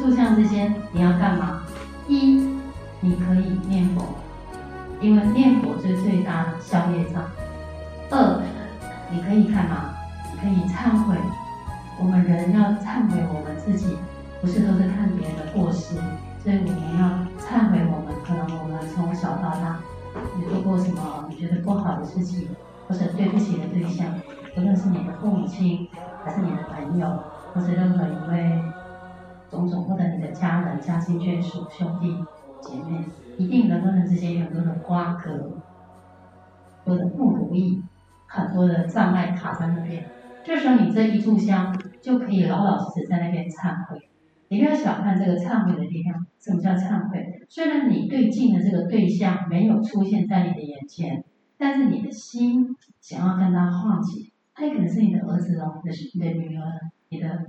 就像這些，你要幹嘛？一，你可以念佛，因為念佛是最大的消業障。二，你可以幹嘛？你可以懺悔。我們人要懺悔我們自己，不是都是看別人的過失，所以我們要懺悔我們。可能我們從小到大，你做過什麼你覺得不好的事情，或者對不起的對象，不論是你的父母親，還是你的朋友，或者任何一位。種種，或者你的家人、家親眷屬、兄弟姐妹，一定人跟人之間有很多的瓜葛，或者的不如意，很多的障礙卡在那邊。這時候你這一炷香就可以老老實實在那邊懺悔。你不要小看這個懺悔的力量。什麼叫懺悔？雖然你對境的這個對象沒有出現在你的眼前，但是你的心想要跟他化解。他也可能是你的兒子哦，你的女兒，你的。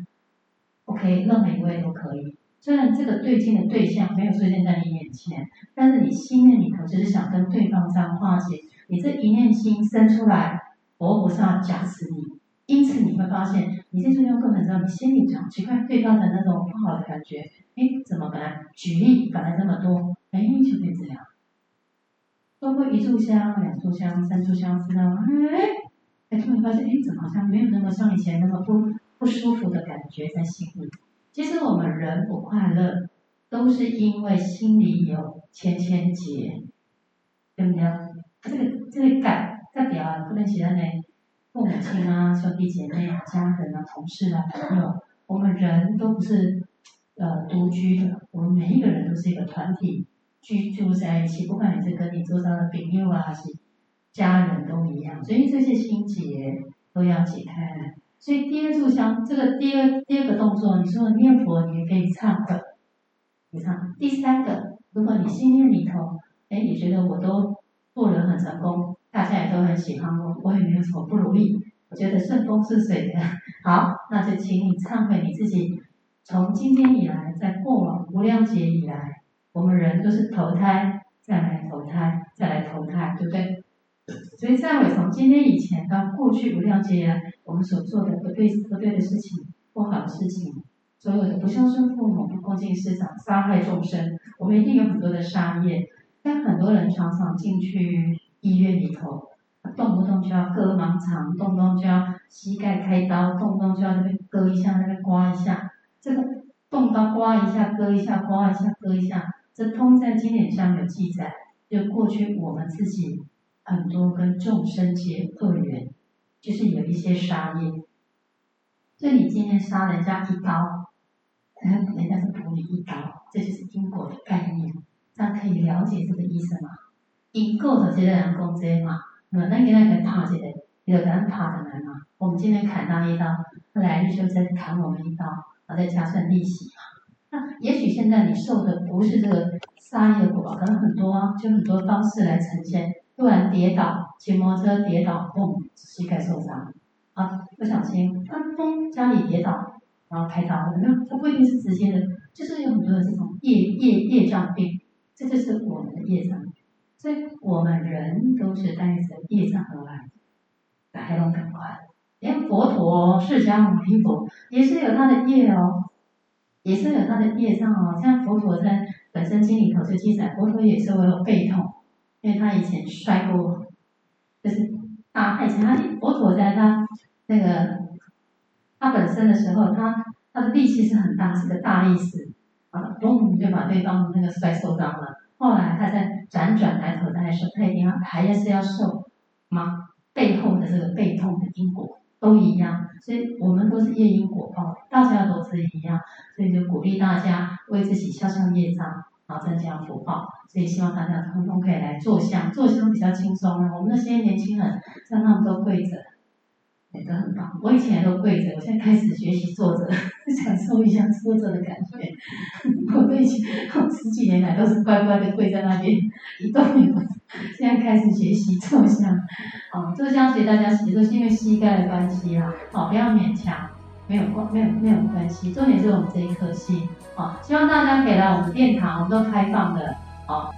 可以，任何一位都可以。雖然這個對境的對象沒有出現在你眼前，但是你心裡頭就是想跟對方這樣化解。你這一念心生出來，哦，佛菩薩要夾死你。因此你會發現，你在坐香過程中，你心裡就很奇怪，對方的那種不好的感覺，哎，怎麼本來舉例，本來那麼多，哎，就可以這樣？都會一炷香、兩炷香、三炷香，知道嗎？哎，哎，突然發現，哎，怎麼好像沒有那麼像以前那麼多？不舒服的感覺在心裡。其實我們人不快樂，都是因為心裡有千千結，對不對？這個這個感，代表不能寫那個父母親啊、兄弟姐妹、啊，家人啊、同事啊、朋友。我們人都不是呃獨居的，我們每一個人都是一個團體居住在一起。不管你是跟你桌上的朋友啊，還是家人都一樣，所以這些心結都要解開來。所以第二炷香，這個第二第二個動作，你說的念佛，你也可以懺悔，你懺。第三個，如果你心念裡頭，哎，你覺得我都做得很成功，大家也都很喜歡我，我也沒有什麼不如意，我覺得順風順水的，好，那就請你懺悔你自己，從今天以來，在過往無量劫以來，我們人都是投胎，投胎，再來投胎，再來投胎，對不對？所以在我從今天以前到過去，不了解我們所做的不對不對的事情，不好的事情，所有的不孝順父母、不恭敬師長、殺害眾生，我們一定有很多的殺業。但很多人常常進去醫院裡頭，動不動就要割盲腸，動不動就要膝蓋開刀，動不動就要那邊割一下，那邊刮一下。這個動刀刮一下，割一下刮一下割一下，這通在經典上有記載，就過去我們自己。很多跟眾生結惡緣，就是有一些殺業。所以你今天殺人家一刀，然後人家是補你一刀，這就是因果的概念。大家可以了解這個意思嗎？因果的這些兩公債嘛，那那現在在討這個，你有人他的來嘛。我們今天砍他一刀，他來日就再砍我們一刀，然後再加算利息嘛。那也許現在你受的不是這個殺業果，可能很多啊，就很多方式來呈現。突然跌倒，騎摩托車跌倒，嘣、哦，膝蓋受傷，啊，不小心、嗯，家裡跌倒，然後摔倒。那它不一定是直接的，就是有很多的這種業業業障病，這就是我們的業障，所以我們人都是帶着業障而來，來龍更快，連佛陀釋迦牟尼佛也是有他的業哦，也是有他的業障哦，像佛陀在本生經裡頭就記載，佛陀也是會有背痛。因為他以前摔過，就是打太極，他我躲在他那個他本身的時候，他他的力氣是很大，是個大力士，啊，咚就把對方的那個摔受傷了。後來他還在輾轉抬腿的時候，他一定要還是要受嗎？背後的這個背痛的因果都一樣，所以我們都是業因果報，大家都是一樣，所以就鼓勵大家為自己消消業障。好，增加福報，所以希望大家通通可以來坐香，坐香比較輕鬆。啊，我們那些年輕人站他們都跪着，也、欸、都很棒。我以前也都跪着，我現在開始學習坐着，感受一下坐着的感覺。我以前十幾年來都是乖乖的跪在那邊一動也不動，現在開始學習坐香。好，坐香所大家習都是因為膝蓋的關係啊，好，不要勉強，沒有關，沒有沒有，沒有關係。重點就是我們這一顆心。希望大家可以來我們殿堂，我們都開放的，好。